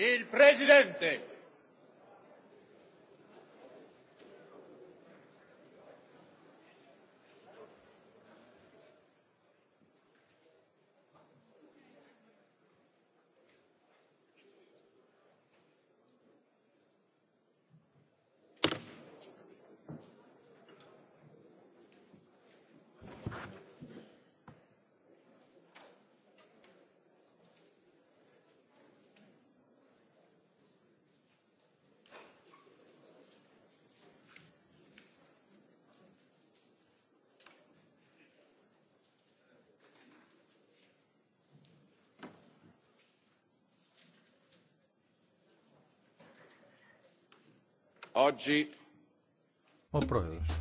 Il Presidente. Oggi... Ο πρόεδρος.